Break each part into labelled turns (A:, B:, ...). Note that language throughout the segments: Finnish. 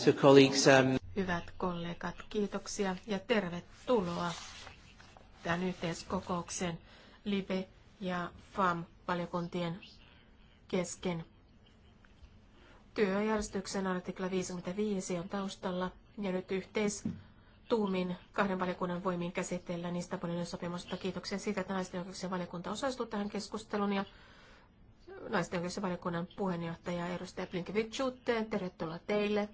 A: So colleagues, um...
B: Hyvät kollegat, kiitoksia ja tervetuloa tämän yhteiskokouksen LIBE- ja FAM-valiokuntien kesken. Työjärjestyksen artikla 55 on taustalla ja nyt yhteistuumin tuumin kahden valiokunnan voimin käsitellään niistä paljon sopimusta. Kiitoksia siitä, että naisten oikeuksien valiokunta osallistuu tähän keskusteluun ja naisten oikeuksien valiokunnan puheenjohtaja edustaja Blinkevich Jutte, tervetuloa teille.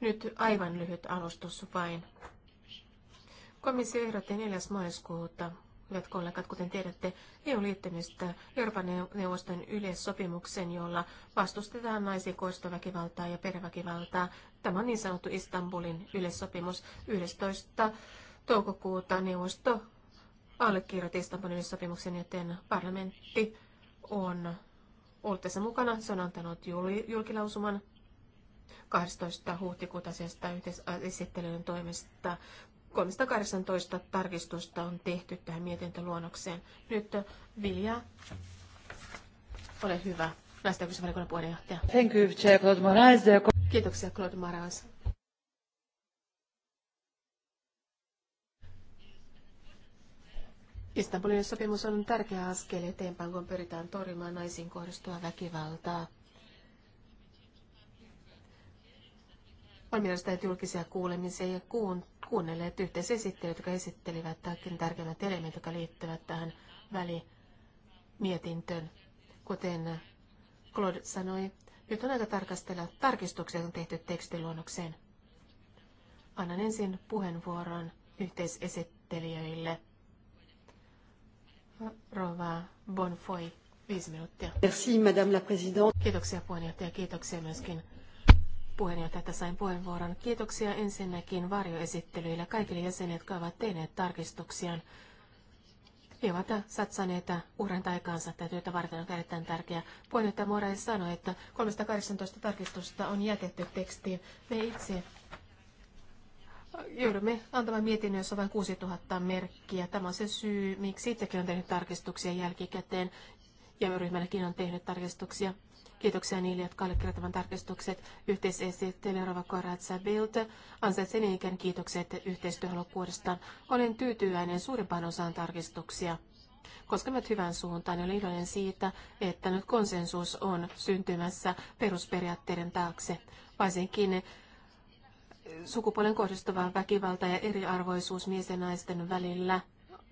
B: Nyt aivan lyhyt alustus vain. Komissio ehdotti 4. maaliskuuta, hyvät kollegat, kuten tiedätte, EU-liittymistä Euroopan neuvoston yleissopimuksen, jolla vastustetaan naisiin koistoväkivaltaa ja perheväkivaltaa. Tämä on niin sanottu Istanbulin yleissopimus 11. toukokuuta neuvosto allekirjoitti Istanbulin yleissopimuksen, joten parlamentti on ollut tässä mukana. Se on antanut julkilausuman 12. huhtikuuta asiasta yhteisesittelyn äh, toimesta. 318 tarkistusta on tehty tähän mietintöluonnokseen. Nyt äh, Vilja, ole hyvä. Väestökysymysvaliokunnan puheenjohtaja. Thank you, Chair Claude Moraes. Kiitoksia, Claude Moraes. Istanbulin sopimus on tärkeä askel eteenpäin, kun pyritään torjumaan naisiin kohdistuvaa väkivaltaa. on mielestäni julkisia kuulemisia ja kuun, kuunnelleet yhteisesittelyt, jotka esittelivät kaikkein tärkeimmät elementit, jotka liittyvät tähän välimietintöön. Kuten Claude sanoi, nyt on aika tarkastella tarkistuksia, on tehty tekstiluonnokseen. Annan ensin puheenvuoron yhteisesittelijöille. Rova Bonfoy, viisi minuuttia. Merci, Madame la Présidente. Kiitoksia puheenjohtaja, kiitoksia myöskin puheenjohtaja, että sain puheenvuoron. Kiitoksia ensinnäkin varjoesittelyillä kaikille jäsenille, jotka ovat tehneet tarkistuksiaan. He ovat satsaneet uhran taikaansa tätä työtä varten on erittäin tärkeää. Puheenjohtaja Morais sanoi, että 318 tarkistusta on jätetty tekstiin. Me itse joudumme antamaan mietinnön, jossa on vain 6000 merkkiä. Tämä on se syy, miksi itsekin on tehnyt tarkistuksia jälkikäteen ja ryhmänäkin on tehnyt tarkistuksia. Kiitoksia niille, jotka allekirjoittavat tarkistukset. Yhteisesittely Rova Koratsa Bild ansaitsee niin kiitokset yhteistyöhalukkuudestaan. Olen tyytyväinen suurimpaan osaan tarkistuksia Koska me hyvän suuntaan. Olen iloinen siitä, että nyt konsensus on syntymässä perusperiaatteiden taakse, varsinkin sukupuolen kohdistuva väkivalta ja eriarvoisuus miesten ja naisten välillä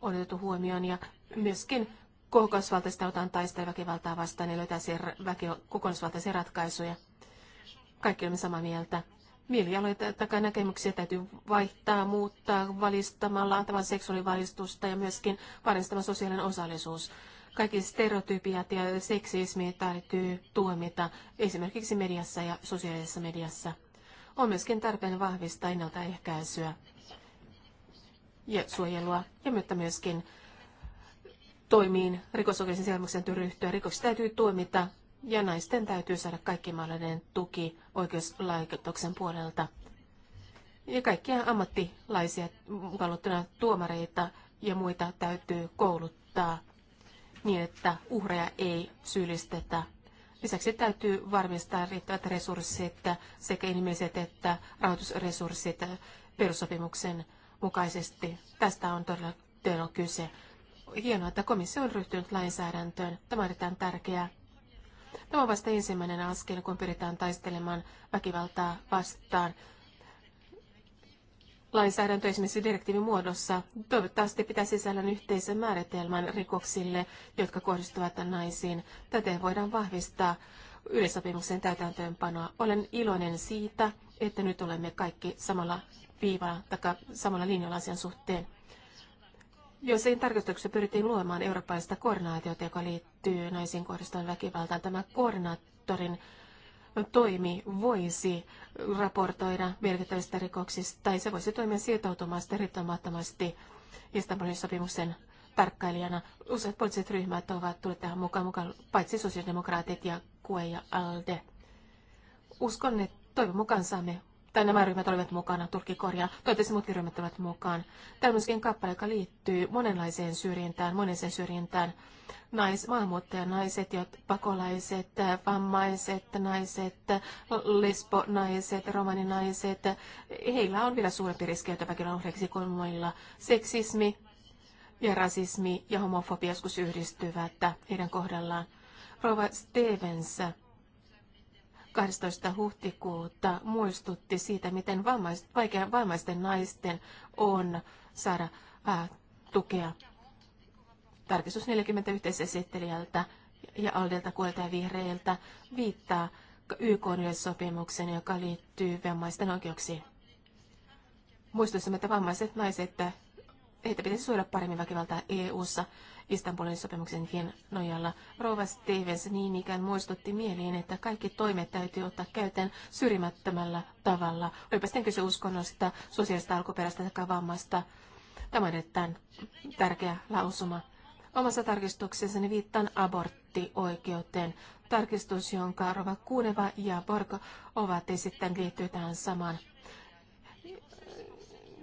B: on otettu huomioon ja myöskin Kokonaisvaltaista otan taistelua väkivaltaa vastaan ja niin löytäisiin väki- kokonaisvaltaisia ratkaisuja. Kaikki olemme samaa mieltä. Mielialoita takaa näkemyksiä täytyy vaihtaa, muuttaa valistamalla, antamaan seksuaalivalistusta ja myöskin varmistamaan sosiaalinen osallisuus. Kaikki stereotypiat ja seksismi täytyy tuomita esimerkiksi mediassa ja sosiaalisessa mediassa. On myöskin tarpeen vahvistaa ennaltaehkäisyä ja suojelua ja myöskin toimiin rikosoikeudellisen selmyksen ryhtyä. Rikoksi täytyy tuomita ja naisten täytyy saada kaikki mahdollinen tuki oikeuslaitoksen puolelta. Ja kaikkia ammattilaisia, mukaan tuomareita ja muita täytyy kouluttaa niin, että uhreja ei syyllistetä. Lisäksi täytyy varmistaa riittävät resurssit, sekä inhimilliset että rahoitusresurssit perussopimuksen mukaisesti. Tästä on todella, todella kyse hienoa, että komissio on ryhtynyt lainsäädäntöön. Tämä on erittäin tärkeää. Tämä on vasta ensimmäinen askel, kun pyritään taistelemaan väkivaltaa vastaan. Lainsäädäntö esimerkiksi direktiivin muodossa toivottavasti pitää sisällään yhteisen määritelmän rikoksille, jotka kohdistuvat naisiin. Täten voidaan vahvistaa yleissopimuksen täytäntöönpanoa. Olen iloinen siitä, että nyt olemme kaikki samalla viivalla tai samalla linjalla asian suhteen. Joissakin tarkastuksissa pyrittiin luomaan eurooppalaista koordinaatiota, joka liittyy naisiin kohdistuvan väkivaltaan. Tämä koordinaattorin toimi voisi raportoida merkittävistä rikoksista, tai se voisi toimia sietoutumasta riittämättömästi Istanbulin sopimuksen tarkkailijana. Useat poliittiset ryhmät ovat tulleet tähän mukaan, mukaan paitsi sosiaalidemokraatit ja KUE ja ALDE. Uskon, että toivon mukaan saamme tai nämä ryhmät olivat mukana, Turkki korjaa, toivottavasti muutkin ryhmät olivat mukaan. Tämä on myöskin kappale, joka liittyy monenlaiseen syrjintään, monenlaiseen syrjintään. Nais, maahanmuuttajanaiset, pakolaiset, vammaiset naiset, lesbonaiset, romaninaiset, heillä on vielä suurempi riski väkivallan uhreiksi kuin muilla. Seksismi ja rasismi ja homofobia joskus yhdistyvät heidän kohdallaan. Rova Stevens 12. huhtikuuta muistutti siitä, miten vaikea vammaisten naisten on saada ää, tukea. Tarkistus 40 yhteisesittelijältä ja Aldelta, Kuolta ja Vihreiltä viittaa YK yleissopimuksen, joka liittyy vammaisten oikeuksiin. Muistuisimme, että vammaiset naiset heitä pitäisi suojella paremmin väkivaltaa EU-ssa Istanbulin sopimuksenkin nojalla. Rouva Stevens niin ikään muistutti mieliin, että kaikki toimet täytyy ottaa käyttöön syrjimättömällä tavalla. Olipa sitten kyse uskonnosta, sosiaalista alkuperäistä tai vammasta. Tämä on erittäin tärkeä lausuma. Omassa tarkistuksessani viittaan aborttioikeuteen. Tarkistus, jonka Rova Kuuneva ja Borg ovat esittäneet, liittyy tähän samaan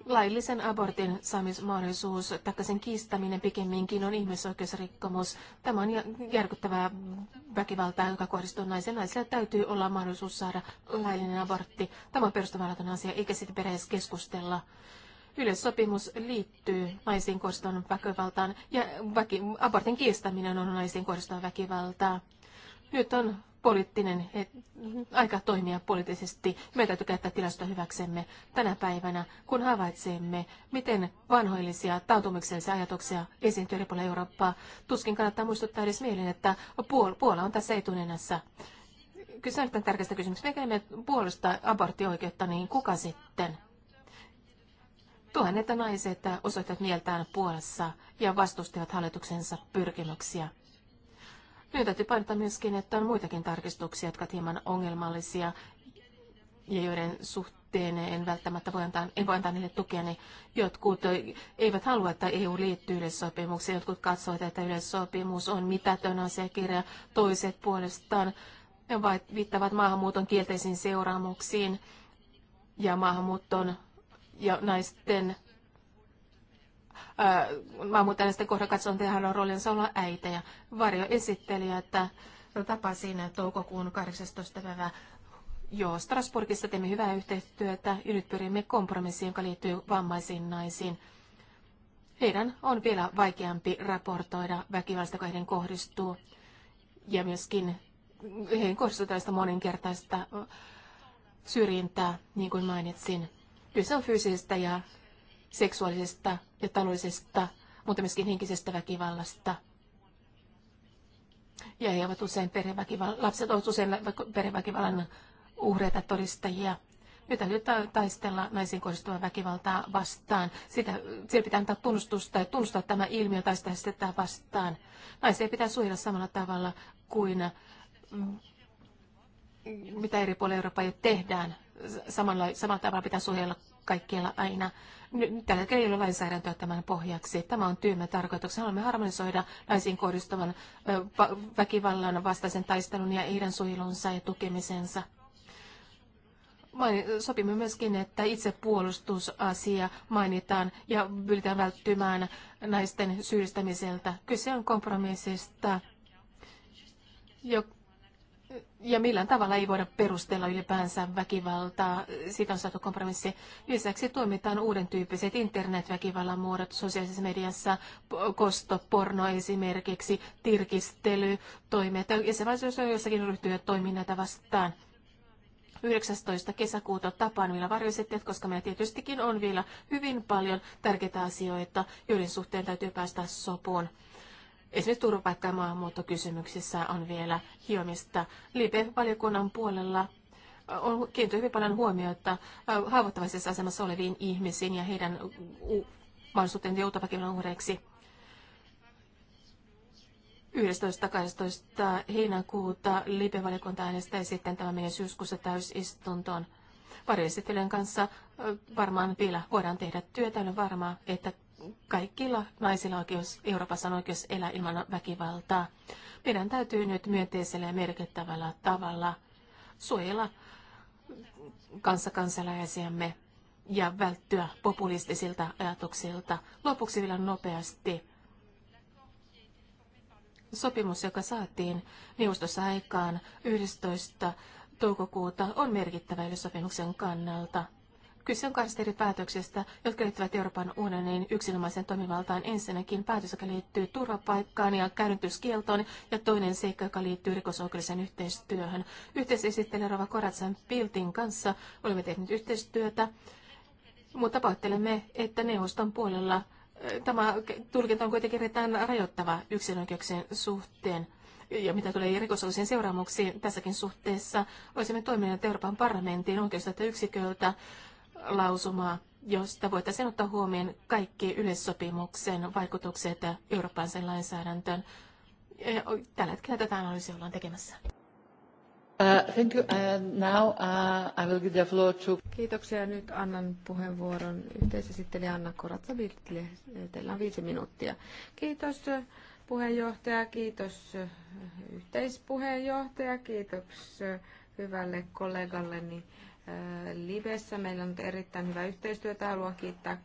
B: laillisen abortin saamismahdollisuus tai sen kiistäminen pikemminkin on ihmisoikeusrikkomus. Tämä on järkyttävää väkivaltaa, joka kohdistuu naisen. Naisella täytyy olla mahdollisuus saada laillinen abortti. Tämä on perustavanlaatuinen asia, eikä siitä peräis keskustella. Yleissopimus liittyy naisiin kohdistuvan väkivaltaan ja väki, abortin kiistäminen on naisiin kohdistuvan väkivaltaa. Nyt on poliittinen et, aika toimia poliittisesti. Meidän täytyy käyttää tilasta hyväksemme tänä päivänä, kun havaitsemme, miten vanhoillisia tautumuksellisia ajatuksia esiintyy eri puolilla Eurooppaa. Tuskin kannattaa muistuttaa edes mieleen, että Puol- Puola on tässä etunenässä. Kyse on tärkeästä kysymyksestä. Mikä me puolusta aborttioikeutta, niin kuka sitten? Tuhannet naiset osoittavat mieltään Puolassa ja vastustivat hallituksensa pyrkimyksiä. Nyt täytyy painottaa myöskin, että on muitakin tarkistuksia, jotka ovat hieman ongelmallisia ja joiden suhteen en välttämättä voi antaa, en voi antaa niille tukea. niin jotkut eivät halua, että EU liittyy yleissopimukseen. Jotkut katsovat, että yleissopimus on mitätön asiakirja. Toiset puolestaan viittavat maahanmuuton kielteisiin seuraamuksiin ja maahanmuuton ja naisten sitten kohdan katsotaan, että hän on roolinsa olla ja Varjo esitteli, että tapasin toukokuun 18. päivää Joo, Strasbourgissa teemme hyvää yhteistyötä ja nyt pyrimme kompromissiin, joka liittyy vammaisiin naisiin. Heidän on vielä vaikeampi raportoida väkivallasta, joka heidän kohdistuu. Ja myöskin heidän kohdistuu tällaista moninkertaista syrjintää, niin kuin mainitsin. Kyse on fyysistä ja seksuaalisesta ja taloudellisesta, mutta myöskin henkisestä väkivallasta. Ja he ovat usein lapset ovat usein perheväkivallan uhreita todistajia. Nyt täytyy taistella naisiin kohdistuvaa väkivaltaa vastaan. Sitä, siellä pitää antaa tunnustusta ja tunnustaa tämä ilmiö taistella sitä vastaan. Naisia pitää suojella samalla tavalla kuin mm, mitä eri puolilla Eurooppaa jo tehdään. Samalla, samalla tavalla pitää suojella kaikkialla aina. Tällä hetkellä ei ole lainsäädäntöä tämän pohjaksi. Tämä on työmme tarkoituksena. Haluamme harmonisoida naisiin kohdistuvan väkivallan vastaisen taistelun ja heidän suojelunsa ja tukemisensa. Sopimme myöskin, että itsepuolustusasia mainitaan ja pyritään välttymään naisten syyllistämiseltä. Kyse on kompromissista, ja millään tavalla ei voida perustella ylipäänsä väkivaltaa. Siitä on saatu kompromissi. Lisäksi tuomitaan uuden tyyppiset internetväkivallan muodot sosiaalisessa mediassa, kosto, porno esimerkiksi, tirkistely, toimet. Jäsenvaltioissa jossakin ryhtyy toiminnata vastaan. 19. kesäkuuta tapaan vielä varjoisetteet, koska meillä tietystikin on vielä hyvin paljon tärkeitä asioita, joiden suhteen täytyy päästä sopuun. Esimerkiksi turvapaikka- ja maahanmuuttokysymyksissä on vielä hiomista. libe valiokunnan puolella on kiinnitetty hyvin paljon huomiota äh, haavoittavaisessa asemassa oleviin ihmisiin ja heidän mahdollisuuteen joutua väkivallan uhreiksi. 11.12. heinäkuuta Libe-valiokunta äänestää sitten tämä meidän syyskuussa täysistuntoon. Varjoesittelijän kanssa äh, varmaan vielä voidaan tehdä työtä. Olen varmaa, että kaikilla naisilla oikeus, Euroopassa on oikeus elää ilman väkivaltaa. Meidän täytyy nyt myönteisellä ja merkittävällä tavalla suojella kanssakansalaisiamme ja välttyä populistisilta ajatuksilta. Lopuksi vielä nopeasti. Sopimus, joka saatiin neuvostossa aikaan 11. toukokuuta, on merkittävä sopimuksen kannalta. Kyse on kahdesta eri päätöksestä, jotka liittyvät Euroopan unionin yksinomaisen toimivaltaan. Ensinnäkin päätös, joka liittyy turvapaikkaan ja käynnistyskieltoon, ja toinen seikka, joka liittyy rikosoikeudelliseen yhteistyöhön. Yhteisesittelijä Rova Koratsan Piltin kanssa olemme tehneet yhteistyötä, mutta pahoittelemme, että neuvoston puolella eh, tämä tulkinta on kuitenkin erittäin rajoittava yksinoikeuksien suhteen ja mitä tulee rikosollisiin seuraamuksiin tässäkin suhteessa, olisimme toimineet Euroopan parlamentin oikeudelta yksiköltä lausumaa, josta voitaisiin ottaa huomioon kaikki yleissopimuksen vaikutukset Euroopan lainsäädäntöön. Tällä hetkellä tätä analyysiä ollaan tekemässä.
C: Uh, thank you. Uh, now uh, I will give the floor to... Kiitoksia. Nyt annan puheenvuoron yhteisesittelijä Anna koratsa Teillä on viisi minuuttia. Kiitos puheenjohtaja, kiitos yhteispuheenjohtaja, kiitos hyvälle kollegalleni Livessä. Meillä on erittäin hyvä yhteistyötä. Haluan kiittää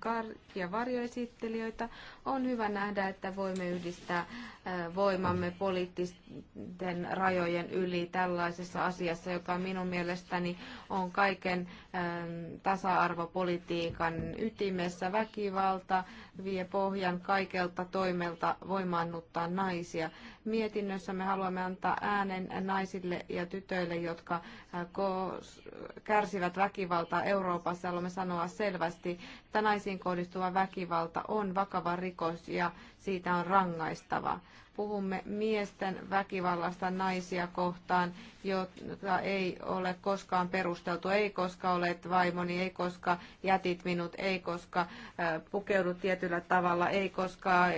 C: ja varjoesittelijöitä. On hyvä nähdä, että voimme yhdistää äh, voimamme poliittisten rajojen yli tällaisessa asiassa, joka minun mielestäni on kaiken ähm, tasa-arvopolitiikan ytimessä. Väkivalta vie pohjan kaikelta toimelta voimaannuttaa naisia. Mietinnössä me haluamme antaa äänen naisille ja tytöille, jotka äh, kärsivät väkivaltaa Euroopassa. Haluamme sanoa selvästi, että naisiin kohdistuva väkivalta on vakava rikos rikos ja siitä on rangaistava. Puhumme miesten väkivallasta naisia kohtaan, jota ei ole koskaan perusteltu. Ei koska olet vaimoni, ei koska jätit minut, ei koska äh, pukeudut tietyllä tavalla, ei koska äh,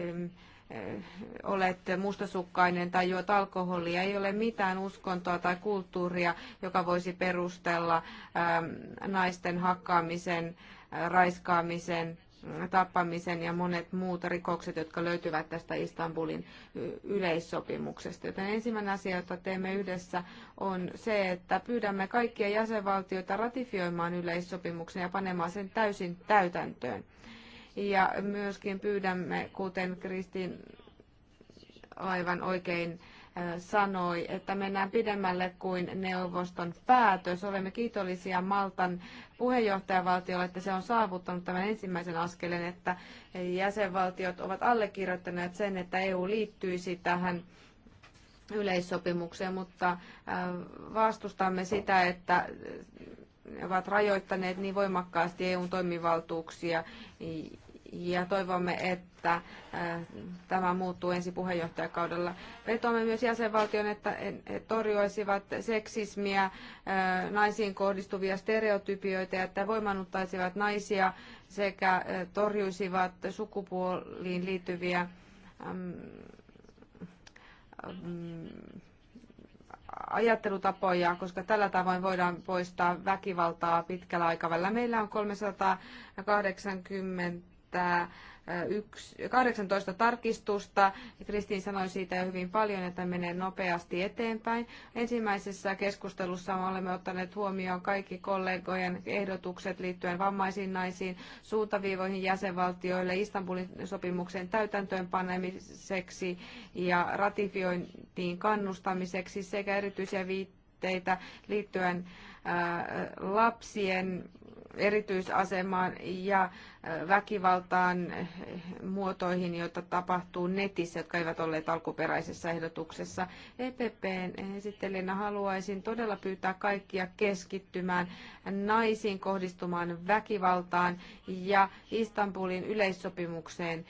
C: äh, olet mustasukkainen tai juot alkoholia, ei ole mitään uskontoa tai kulttuuria, joka voisi perustella ähm, naisten hakkaamisen, raiskaamisen tappamisen ja monet muut rikokset, jotka löytyvät tästä Istanbulin yleissopimuksesta. Joten ensimmäinen asia, jota teemme yhdessä, on se, että pyydämme kaikkia jäsenvaltioita ratifioimaan yleissopimuksen ja panemaan sen täysin täytäntöön. Ja myöskin pyydämme, kuten Kristin aivan oikein sanoi, että mennään pidemmälle kuin neuvoston päätös. Olemme kiitollisia Maltan puheenjohtajavaltiolle, että se on saavuttanut tämän ensimmäisen askeleen, että jäsenvaltiot ovat allekirjoittaneet sen, että EU liittyisi tähän yleissopimukseen, mutta vastustamme sitä, että ovat rajoittaneet niin voimakkaasti EUn toimivaltuuksia ja toivomme, että äh, tämä muuttuu ensi puheenjohtajakaudella. Vetoamme myös jäsenvaltion, että he torjuisivat seksismiä, äh, naisiin kohdistuvia stereotypioita, että voimannuttaisivat naisia sekä äh, torjuisivat sukupuoliin liittyviä ajattelutapoja, koska tällä tavoin voidaan poistaa väkivaltaa pitkällä aikavälillä. Meillä on 380 esittää 18 tarkistusta. Kristiin sanoi siitä jo hyvin paljon, että menee nopeasti eteenpäin. Ensimmäisessä keskustelussa olemme ottaneet huomioon kaikki kollegojen ehdotukset liittyen vammaisiin naisiin, suuntaviivoihin jäsenvaltioille, Istanbulin sopimuksen täytäntöönpanemiseksi ja ratifiointiin kannustamiseksi sekä erityisiä viitteitä liittyen lapsien erityisasemaan ja väkivaltaan muotoihin, joita tapahtuu netissä, jotka eivät olleet alkuperäisessä ehdotuksessa. EPPn esittelijänä haluaisin todella pyytää kaikkia keskittymään naisiin kohdistumaan väkivaltaan ja Istanbulin yleissopimukseen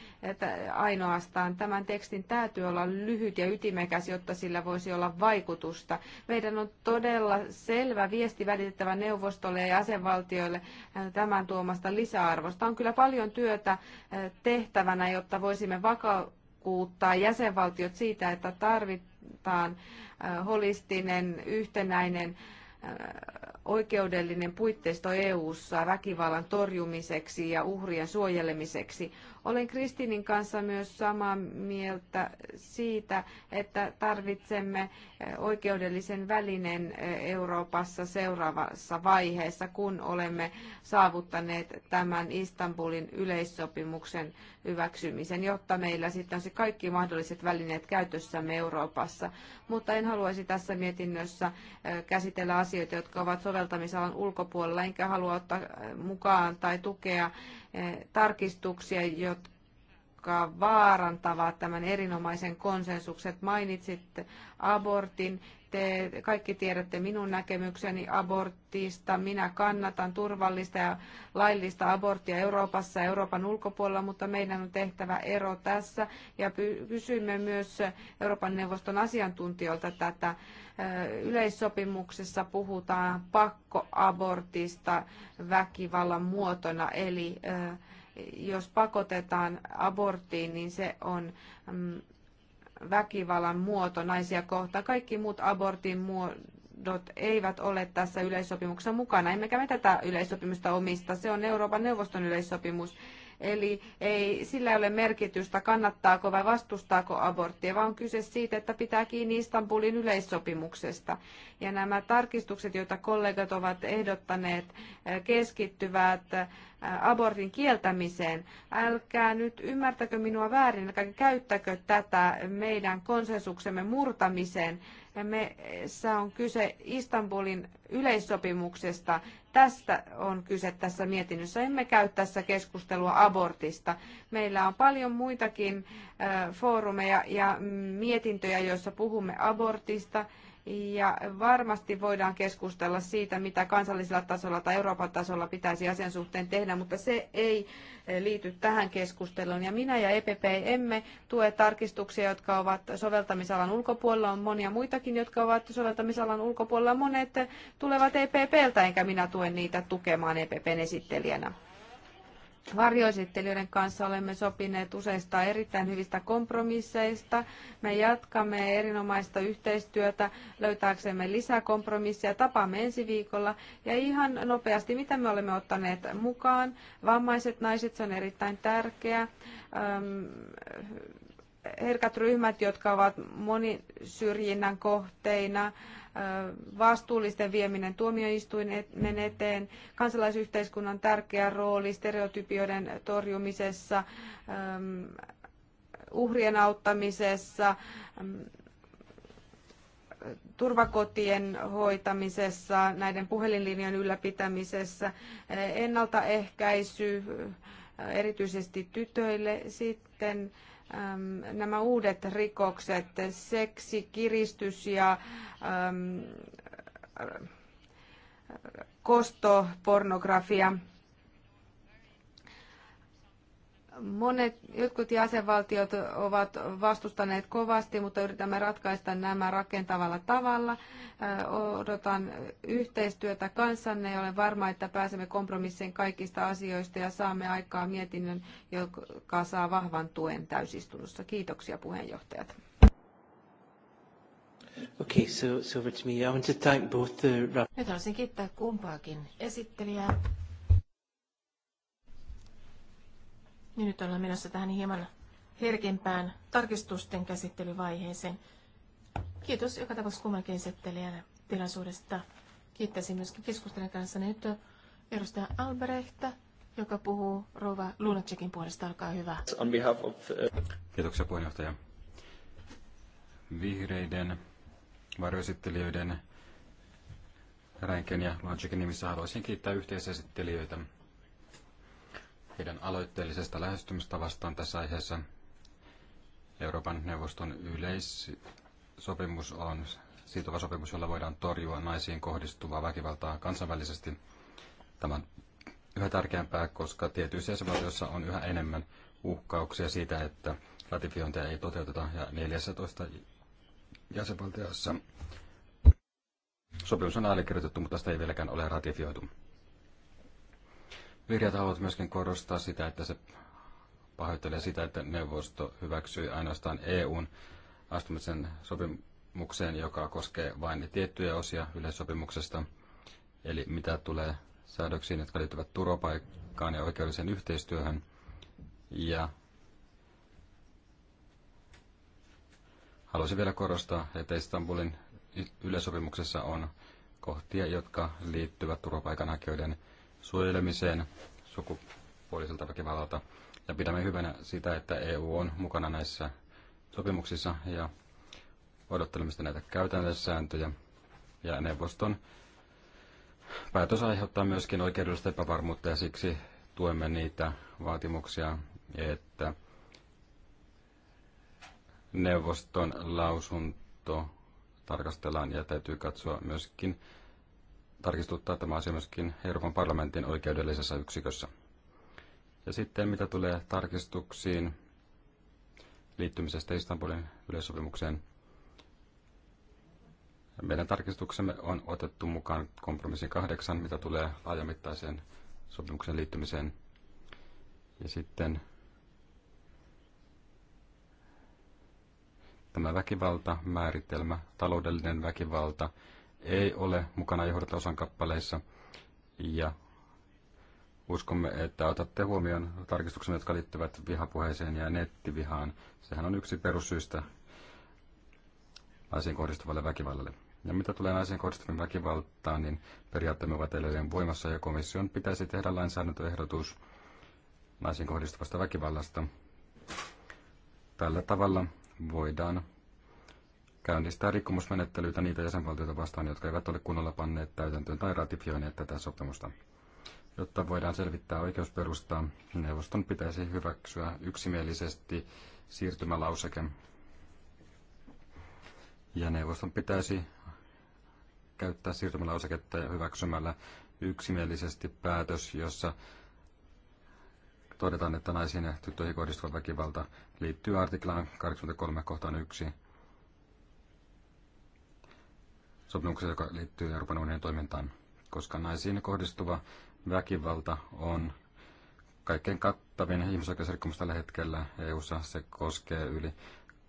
C: ainoastaan. Tämän tekstin täytyy olla lyhyt ja ytimekäs, jotta sillä voisi olla vaikutusta. Meidän on todella selvä viesti välitettävä neuvostolle ja jäsenvaltioille tämän tuomasta lisäarvosta. On kyllä kyllä paljon työtä eh, tehtävänä, jotta voisimme vakauttaa jäsenvaltiot siitä, että tarvitaan eh, holistinen, yhtenäinen eh, oikeudellinen puitteisto EU:ssa väkivallan torjumiseksi ja uhrien suojelemiseksi. Olen Kristinin kanssa myös samaa mieltä siitä, että tarvitsemme eh, oikeudellisen välinen eh, Euroopassa seuraavassa vaiheessa, kun olemme saavuttaneet tämän Istanbulin yleissopimuksen hyväksymisen, jotta meillä sitten on se kaikki mahdolliset välineet käytössämme Euroopassa. Mutta en haluaisi tässä mietinnössä eh, käsitellä asioita, jotka ovat soveltamisalan ulkopuolella, enkä halua ottaa mukaan tai tukea tarkistuksia, jotka joka vaarantavat tämän erinomaisen konsensuksen. Mainitsitte abortin, te kaikki tiedätte minun näkemykseni abortista. Minä kannatan turvallista ja laillista aborttia Euroopassa ja Euroopan ulkopuolella, mutta meidän on tehtävä ero tässä. Ja kysymme myös Euroopan neuvoston asiantuntijoilta tätä. Yleissopimuksessa puhutaan pakkoabortista väkivallan muotona, eli äh, jos pakotetaan aborttiin, niin se on mm, väkivallan muoto naisia kohtaan. Kaikki muut abortin muodot eivät ole tässä yleissopimuksessa mukana. Emmekä me tätä yleissopimusta omista. Se on Euroopan neuvoston yleissopimus. Eli ei sillä ole merkitystä, kannattaako vai vastustaako aborttia, vaan on kyse siitä, että pitää kiinni Istanbulin yleissopimuksesta. Ja nämä tarkistukset, joita kollegat ovat ehdottaneet, eh, keskittyvät eh, abortin kieltämiseen. Älkää nyt ymmärtäkö minua väärin, älkää käyttäkö tätä meidän konsensuksemme murtamiseen. Meissä on kyse Istanbulin yleissopimuksesta. Tästä on kyse tässä mietinnössä. Emme käy tässä keskustelua abortista. Meillä on paljon muitakin foorumeja ja mm, mietintöjä, joissa puhumme abortista – ja varmasti voidaan keskustella siitä, mitä kansallisella tasolla tai Euroopan tasolla pitäisi asian suhteen tehdä, mutta se ei eh, liity tähän keskusteluun. Ja minä ja EPP emme tue tarkistuksia, jotka ovat soveltamisalan ulkopuolella. On monia muitakin, jotka ovat soveltamisalan ulkopuolella. Monet tulevat EPPltä, enkä minä tue niitä tukemaan EPPn esittelijänä. Varjoesittelijöiden kanssa olemme sopineet useista erittäin hyvistä kompromisseista. Me jatkamme erinomaista yhteistyötä löytääksemme lisää kompromisseja. Tapaamme ensi viikolla. Ja ihan nopeasti, mitä me olemme ottaneet mukaan? Vammaiset naiset, se on erittäin tärkeä. herkät ryhmät, jotka ovat monisyrjinnän kohteina vastuullisten vieminen tuomioistuimen eteen, kansalaisyhteiskunnan tärkeä rooli stereotypioiden torjumisessa, uhrien auttamisessa, turvakotien hoitamisessa, näiden puhelinlinjojen ylläpitämisessä, ennaltaehkäisy erityisesti tytöille, sitten Ähm, nämä uudet rikokset, seksi, kiristys ja äm, äh, kostopornografia Monet, jotkut jäsenvaltiot ovat vastustaneet kovasti, mutta yritämme ratkaista nämä rakentavalla tavalla. Odotan yhteistyötä kanssanne ja olen varma, että pääsemme kompromissiin kaikista asioista ja saamme aikaa mietinnön, joka saa vahvan tuen täysistunnossa. Kiitoksia puheenjohtajat.
A: Okay, so, so over to me. I want to thank both the...
C: Nyt haluaisin kiittää
B: kumpaakin esittelijää Niin nyt ollaan menossa tähän hieman herkempään tarkistusten käsittelyvaiheeseen. Kiitos joka tapauksessa kummankin esittelijälle tilaisuudesta. Kiittäisin myöskin keskustelun kanssa nyt edustaja Albrehta, joka puhuu Rova Lunacekin puolesta. Alkaa hyvä.
D: On behalf of, uh, Kiitoksia puheenjohtaja. Vihreiden varjoesittelijöiden Ränken ja Lunacekin nimissä haluaisin kiittää yhteisesittelijöitä heidän aloitteellisesta lähestymistavastaan tässä aiheessa. Euroopan neuvoston yleissopimus on sitova sopimus, jolla voidaan torjua naisiin kohdistuvaa väkivaltaa kansainvälisesti. Tämä on yhä tärkeämpää, koska tietyissä jäsenvaltioissa on yhä enemmän uhkauksia siitä, että ratifiointia ei toteuteta ja 14 jäsenvaltiossa sopimus on allekirjoitettu, mutta sitä ei vieläkään ole ratifioitu. Virjat haluavat myöskin korostaa sitä, että se pahoittelee sitä, että neuvosto hyväksyi ainoastaan EUn astumisen sopimukseen, joka koskee vain tiettyjä osia yleissopimuksesta, eli mitä tulee säädöksiin, jotka liittyvät turvapaikkaan ja oikeudelliseen yhteistyöhön. Ja haluaisin vielä korostaa, että Istanbulin yleissopimuksessa on kohtia, jotka liittyvät turvapaikanhakijoiden suojelemiseen sukupuoliselta väkivallalta. Ja pidämme hyvänä sitä, että EU on mukana näissä sopimuksissa ja odottelemista näitä käytännössääntöjä. Ja neuvoston päätös aiheuttaa myöskin oikeudellista epävarmuutta ja siksi tuemme niitä vaatimuksia, että neuvoston lausunto tarkastellaan ja täytyy katsoa myöskin tarkistuttaa tämä asia myöskin Euroopan parlamentin oikeudellisessa yksikössä. Ja sitten mitä tulee tarkistuksiin liittymisestä Istanbulin yleissopimukseen, meidän tarkistuksemme on otettu mukaan kompromissin kahdeksan, mitä tulee laajamittaiseen sopimuksen liittymiseen. Ja sitten tämä väkivalta, määritelmä, taloudellinen väkivalta, ei ole mukana johdotosan kappaleissa. Ja uskomme, että otatte huomioon tarkistuksen, jotka liittyvät vihapuheeseen ja nettivihaan. Sehän on yksi perussyistä naisiin kohdistuvalle väkivallalle. Ja mitä tulee naisiin kohdistuvien väkivaltaan, niin periaatteemme ovat edelleen voimassa ja komission pitäisi tehdä lainsäädäntöehdotus naisiin kohdistuvasta väkivallasta. Tällä tavalla voidaan käynnistää rikkomusmenettelyitä niitä jäsenvaltioita vastaan, jotka eivät ole kunnolla panneet täytäntöön tai ratifioineet tätä sopimusta. Jotta voidaan selvittää oikeusperustaa, neuvoston pitäisi hyväksyä yksimielisesti siirtymälauseke. Ja neuvoston pitäisi käyttää siirtymälauseketta ja hyväksymällä yksimielisesti päätös, jossa todetaan, että naisiin ja tyttöihin kohdistuva väkivalta liittyy artiklaan 83 kohtaan 1 sopimuksessa, joka liittyy Euroopan unionin toimintaan, koska naisiin kohdistuva väkivalta on kaikkein kattavin ihmisoikeusrikkomus tällä hetkellä EU-ssa. Se koskee yli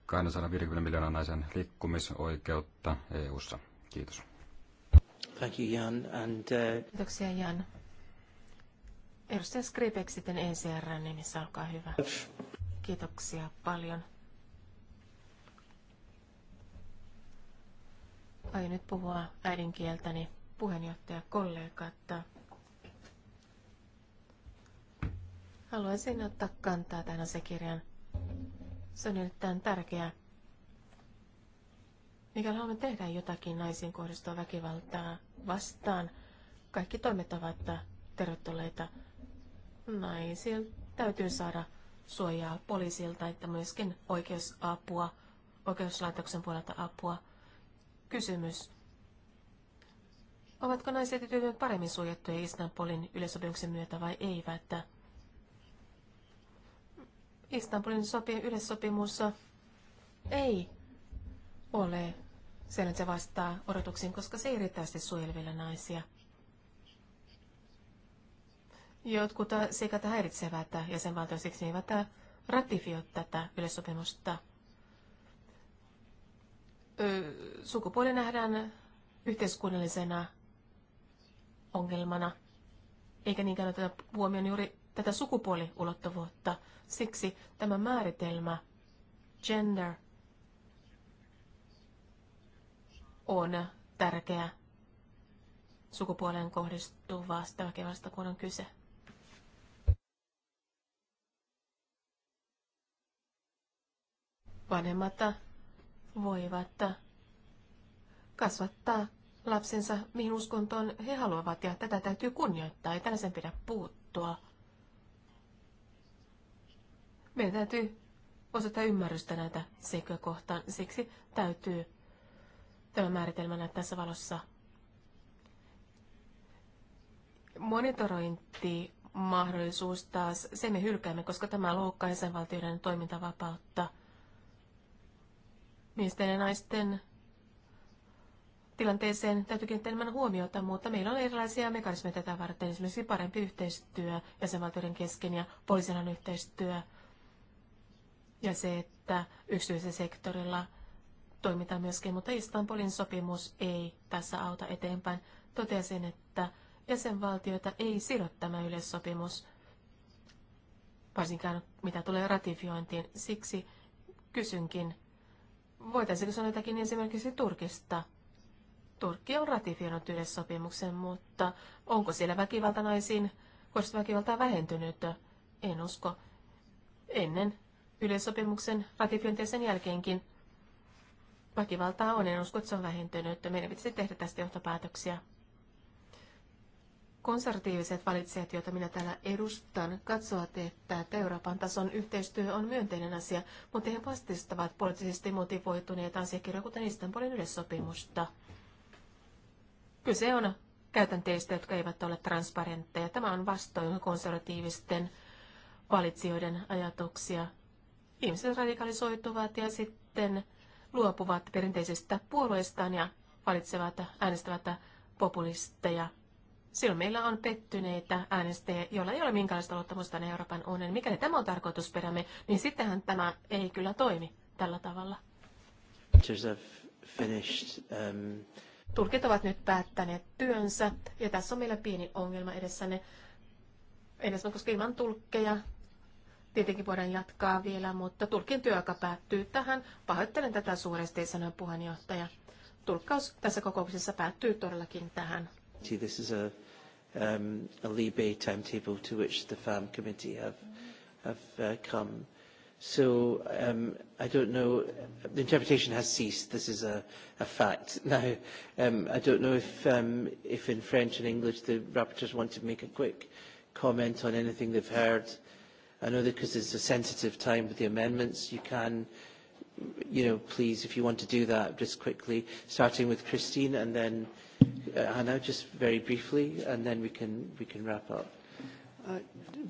D: 250 miljoonan naisen liikkumisoikeutta EU-ssa. Kiitos. Thank you, Jan. And, uh...
B: Kiitoksia, Jan. Edustaja Skripek sitten ECR nimissä, olkaa hyvä. Kiitoksia paljon. Aion nyt puhua äidinkieltäni puheenjohtaja kollegat. Haluaisin ottaa kantaa tähän asiakirjaan. Se on erittäin tärkeää. Mikäli haluamme tehdä jotakin naisiin kohdistua väkivaltaa vastaan, kaikki toimet ovat tervetulleita. Naisilta täytyy saada suojaa poliisilta, että myöskin oikeusapua, oikeuslaitoksen puolelta apua. Kysymys. Ovatko naiset ja tytöt paremmin suojattuja Istanbulin yleissopimuksen myötä vai eivät? Istanbulin sopi, yleissopimus ei ole sen, se vastaa odotuksiin, koska se ei riittävästi suojelvilla naisia. Jotkut sekä häiritsevät jäsenvaltioisiksi eivät ratifioi tätä yleissopimusta sukupuoli nähdään yhteiskunnallisena ongelmana, eikä niinkään oteta huomioon juuri tätä sukupuoliulottuvuutta. Siksi tämä määritelmä gender on tärkeä sukupuoleen kohdistuvasta väkivallasta, kun on kyse. Vanhemmat voivat kasvattaa lapsensa, mihin uskontoon he haluavat, ja tätä täytyy kunnioittaa, ei tällaisen pidä puuttua. Meidän täytyy osata ymmärrystä näitä seikkoja kohtaan, siksi täytyy tämä määritelmä näyttää tässä valossa. Monitorointi mahdollisuus taas, se me hylkäämme, koska tämä loukkaa jäsenvaltioiden toimintavapautta – miesten ja naisten tilanteeseen täytyy kiinnittää enemmän huomiota, mutta meillä on erilaisia mekanismeja tätä varten, esimerkiksi parempi yhteistyö jäsenvaltioiden kesken ja poliisin yhteistyö ja se, että yksityisellä sektorilla toimitaan myöskin, mutta Istanbulin sopimus ei tässä auta eteenpäin. Totesin, että jäsenvaltioita ei sido tämä yleissopimus, varsinkaan mitä tulee ratifiointiin. Siksi kysynkin Voitaisiinko sanoa jotakin esimerkiksi Turkista? Turkki on ratifioinut yleissopimuksen, mutta onko siellä väkivalta naisiin, koska on vähentynyt? En usko. Ennen yleissopimuksen ratifiointia sen jälkeenkin väkivaltaa on, en usko, että se on vähentynyt. Meidän pitäisi tehdä tästä johtopäätöksiä konservatiiviset valitsijat, joita minä täällä edustan, katsovat, että Euroopan tason yhteistyö on myönteinen asia, mutta he vastustavat poliittisesti motivoituneita asiakirjoja, kuten Istanbulin yleissopimusta. Kyse on käytänteistä, jotka eivät ole transparentteja. Tämä on vastoin konservatiivisten valitsijoiden ajatuksia. Ihmiset radikalisoituvat ja sitten luopuvat perinteisistä puolueistaan ja valitsevat, äänestävät populisteja Silloin meillä on pettyneitä äänestäjiä, joilla ei ole minkäänlaista luottamusta Euroopan unionin. Mikäli tämä on tarkoitusperämme, niin sittenhän tämä ei kyllä toimi tällä tavalla. Um, Tulkit ovat nyt päättäneet työnsä, ja tässä on meillä pieni ongelma edessänne. on, koska ilman tulkkeja tietenkin voidaan jatkaa vielä, mutta tulkin joka päättyy tähän. Pahoittelen tätä suuresti, sanoi puheenjohtaja. Tulkkaus tässä kokouksessa päättyy todellakin tähän.
A: This is a, um, a Libe timetable to which the FAM committee have, have uh, come. So um, I don't know, the interpretation has ceased, this is a, a fact. Now, um, I don't know if, um, if in French and English the rapporteurs want to make a quick comment on anything they've heard. I know that because it's a sensitive time with the amendments, you can, you know, please, if you want to do that, just quickly, starting with Christine and then Uh, Anna, just very briefly, and then we can, we can wrap up.
C: Uh,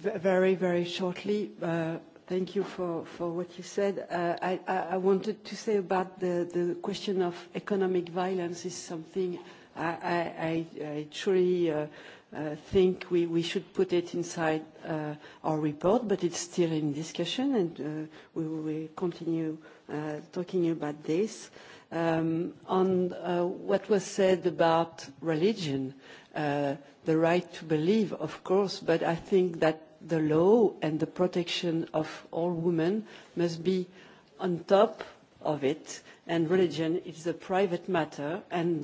C: very, very shortly, uh, thank you for, for what you said. Uh, I, I wanted to say about the, the question of economic violence is something I, I, I, I truly uh, Uh, think we, we should put it inside uh, our report, but it's still in discussion, and uh, we will continue uh, talking about this. Um, on what was said about religion, the right to believe, of course, but I think that the law and the protection of
A: all women must be on top of it, and religion is a private matter, and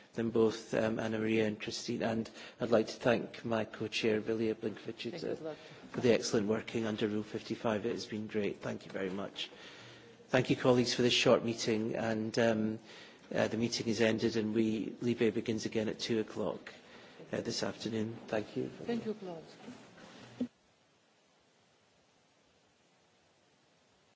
A: them both, um, Anna Maria and Christine. And I'd like to thank my co-chair, Vilia Blinkovich, uh, for the excellent working under Rule 55. It has been great. Thank you very much. Thank you, colleagues, for this short meeting. And um, uh, the meeting is ended, and we Libe begins again at 2 o'clock uh, this afternoon. Thank you. Thank you, Claude.